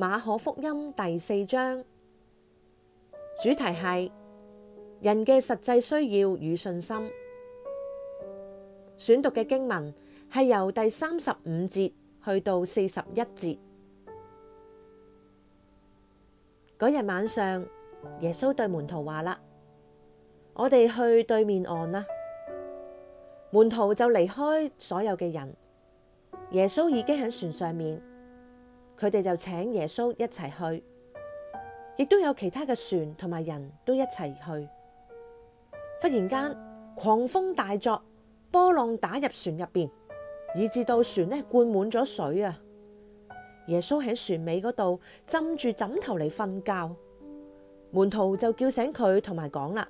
馬可福音第四章，主題係人嘅實際需要與信心。選讀嘅經文係由第三十五節去到四十一節。嗰日晚上，耶穌對門徒話啦：「我哋去對面岸啦。門徒就離開所有嘅人，耶穌已經喺船上面。佢哋就請耶穌一齊去，亦都有其他嘅船同埋人都一齊去。忽然間狂風大作，波浪打入船入邊，以至到船呢灌滿咗水啊！耶穌喺船尾嗰度枕住枕頭嚟瞓覺，門徒就叫醒佢，同埋講啦：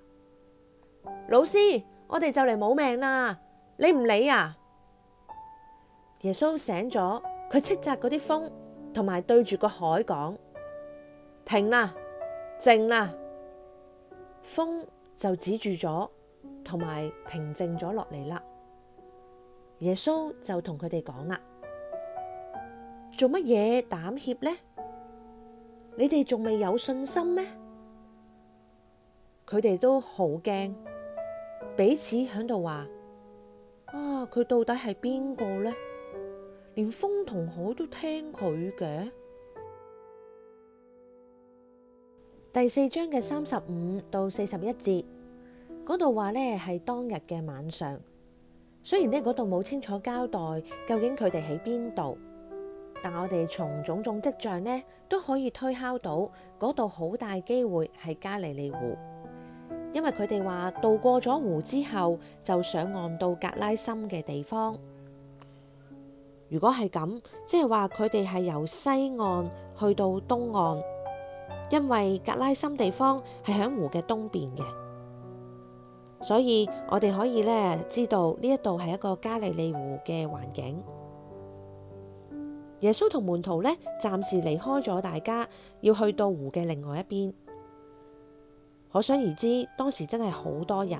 老師，我哋就嚟冇命啦！你唔理啊！耶穌醒咗，佢斥責嗰啲風。同埋對住個海講，停啦，靜啦，風就止住咗，同埋平靜咗落嚟啦。耶穌就同佢哋講啦：做乜嘢膽怯呢？你哋仲未有信心咩？佢哋都好驚，彼此響度話：啊，佢到底係邊個呢？」連風同海都聽佢嘅。第四章嘅三十五到四十一節，嗰度話呢係當日嘅晚上。雖然呢，嗰度冇清楚交代究竟佢哋喺邊度，但我哋從種種跡象呢都可以推敲到嗰度好大機會係加利利湖，因為佢哋話渡過咗湖之後就上岸到格拉森嘅地方。如果係咁，即係話佢哋係由西岸去到東岸，因為格拉森地方係響湖嘅東邊嘅，所以我哋可以呢知道呢一度係一個加利利湖嘅環境。耶穌同門徒呢暫時離開咗大家，要去到湖嘅另外一邊。可想而知，當時真係好多人，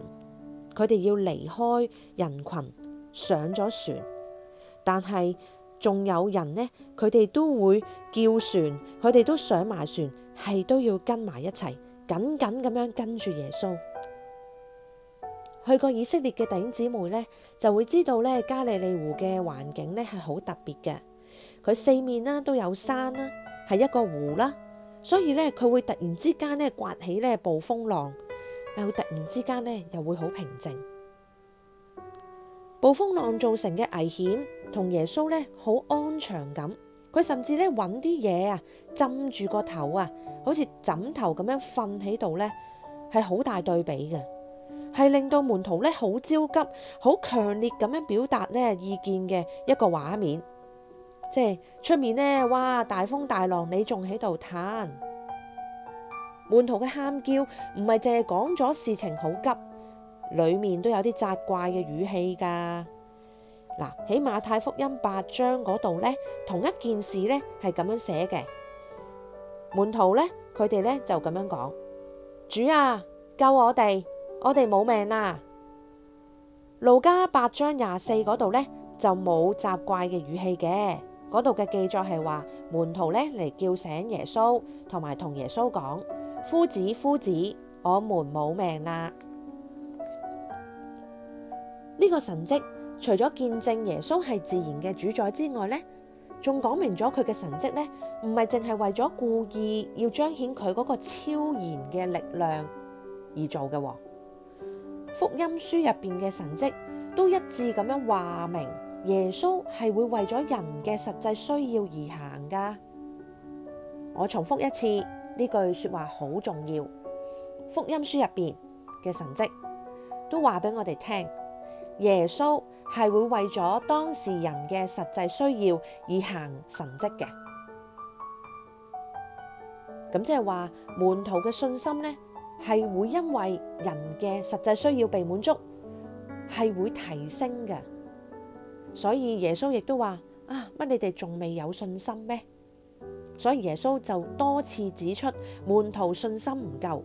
佢哋要離開人群，上咗船。但係仲有人呢，佢哋都會叫船，佢哋都上埋船，係都要跟埋一齊，緊緊咁樣跟住耶穌。去過以色列嘅弟兄姊妹呢，就會知道呢加利利湖嘅環境呢係好特別嘅，佢四面啦都有山啦，係一個湖啦，所以呢，佢會突然之間呢刮起呢暴風浪，又突然之間呢又會好平靜。暴風浪造成嘅危險，同耶穌呢好安詳咁，佢甚至呢揾啲嘢啊，枕住個頭啊，好似枕頭咁樣瞓喺度呢，係好大對比嘅，係令到門徒呢好焦急，好強烈咁樣表達呢意見嘅一個畫面，即係出面呢，哇，大風大浪，你仲喺度嘆，門徒嘅喊叫唔係淨係講咗事情好急。裏面都有啲責怪嘅語氣噶，嗱，喺馬太福音八章嗰度呢，同一件事呢係咁樣寫嘅。門徒呢，佢哋呢就咁樣講：，主啊，救我哋，我哋冇命啦！路加八章廿四嗰度呢，就冇責怪嘅語氣嘅，嗰度嘅記載係話門徒呢嚟叫醒耶穌，同埋同耶穌講：，夫子，夫子，我們冇命啦！呢個神蹟除咗見證耶穌係自然嘅主宰之外呢，仲講明咗佢嘅神蹟呢，唔係淨係為咗故意要彰顯佢嗰個超然嘅力量而做嘅。福音書入邊嘅神蹟都一致咁樣話明，耶穌係會為咗人嘅實際需要而行噶。我重複一次，呢句說話好重要。福音書入邊嘅神蹟都話俾我哋聽。耶穌係會為咗當時人嘅實際需要而行神蹟嘅，咁即係話，門徒嘅信心呢，係會因為人嘅實際需要被滿足，係會提升嘅，所以耶穌亦都話啊，乜你哋仲未有信心咩？所以耶穌就多次指出門徒信心唔夠。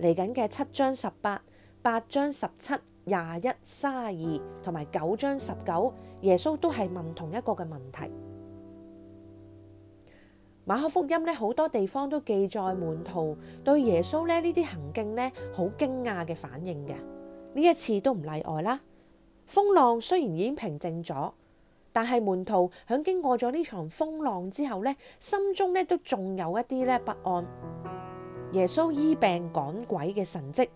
嚟緊嘅七章十八、八章十七、廿一、卅二同埋九章十九，耶穌都係問同一個嘅問題。馬可福音咧，好多地方都記載門徒對耶穌咧呢啲行徑咧好驚訝嘅反應嘅，呢一次都唔例外啦。風浪雖然已經平靜咗，但係門徒響經過咗呢場風浪之後咧，心中咧都仲有一啲咧不安。耶穌醫病趕鬼嘅神蹟。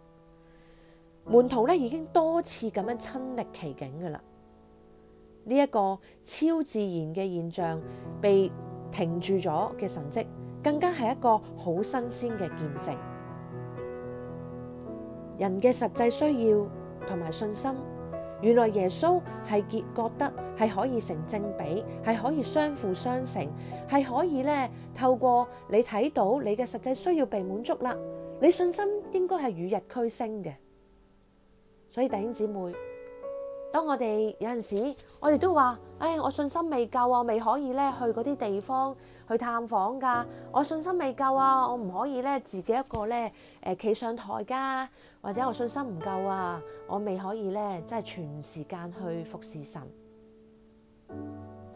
門徒咧已經多次咁樣親歷其境噶啦，呢一個超自然嘅現象被停住咗嘅神跡，更加係一個好新鮮嘅見證。人嘅實際需要同埋信心，原來耶穌係結覺得係可以成正比，係可以相輔相成，係可以呢透過你睇到你嘅實際需要被滿足啦，你信心應該係與日俱升嘅。所以弟兄姊妹，當我哋有陣時，我哋都話，唉、哎，我信心未夠啊，我未可以咧去嗰啲地方去探訪噶。我信心未夠啊，我唔可以咧自己一個咧誒企上台噶，或者我信心唔夠啊，我未可以咧即係全時間去服侍神。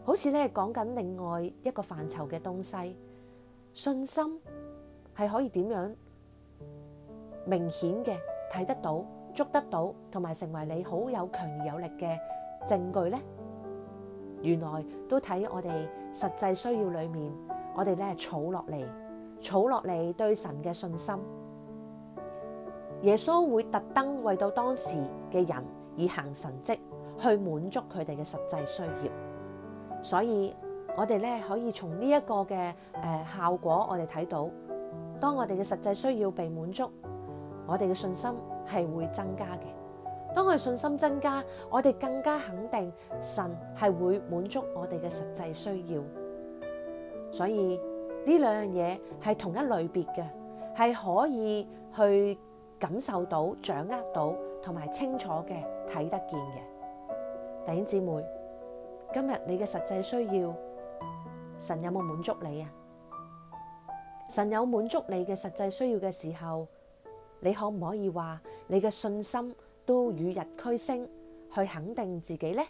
好似咧講緊另外一個範疇嘅東西，信心係可以點樣明顯嘅睇得到？捉得到，同埋成為你好有強而有力嘅證據呢？原來都睇我哋實際需要裏面，我哋咧儲落嚟，儲落嚟對神嘅信心。耶穌會特登為到當時嘅人以行神迹，去滿足佢哋嘅實際需要。所以我哋咧可以從呢一個嘅誒、呃、效果，我哋睇到，當我哋嘅實際需要被滿足，我哋嘅信心。係會增加嘅。當佢信心增加，我哋更加肯定神係會滿足我哋嘅實際需要。所以呢兩樣嘢係同一類別嘅，係可以去感受到、掌握到同埋清楚嘅睇得見嘅。弟兄姊妹，今日你嘅實際需要，神有冇滿足你啊？神有滿足你嘅實際需要嘅時候，你可唔可以話？你嘅信心都與日俱增，去肯定自己咧。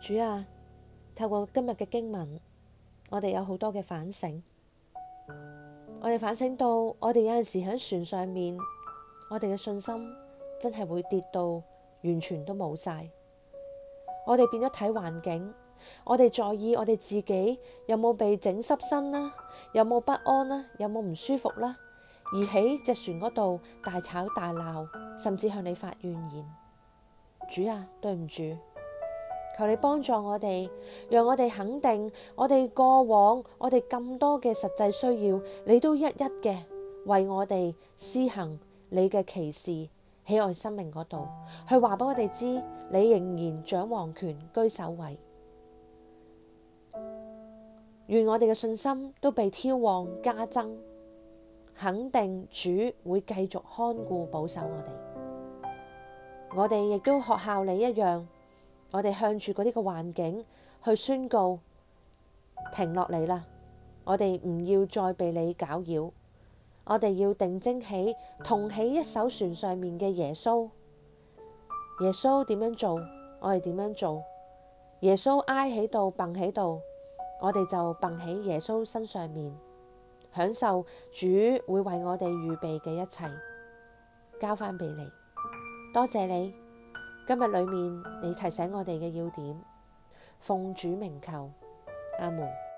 主啊，透過今日嘅經文，我哋有好多嘅反省。我哋反省到我們，我哋有陣時喺船上面，我哋嘅信心真係會跌到完全都冇晒。我哋變咗睇環境，我哋在意我哋自己有冇被整濕身啦，有冇不安啦，有冇唔舒服啦，而喺隻船嗰度大吵大鬧，甚至向你發怨言。主啊，對唔住。求你幫助我哋，讓我哋肯定我哋過往，我哋咁多嘅實際需要，你都一一嘅為我哋施行你嘅奇事，喜愛生命嗰度去話俾我哋知，你仍然掌王權居首位。願我哋嘅信心都被挑旺加增，肯定主會繼續看顧保守我哋，我哋亦都學效你一樣。我哋向住嗰啲嘅環境去宣告，停落嚟啦！我哋唔要再被你攪擾，我哋要定睛起，同起一艘船上面嘅耶穌。耶穌點樣做，我哋點樣做。耶穌挨喺度，揼喺度，我哋就揼喺耶穌身上面，享受主會為我哋預備嘅一切，交翻俾你。多謝你。今日裏面，你提醒我哋嘅要點，奉主名求，阿門。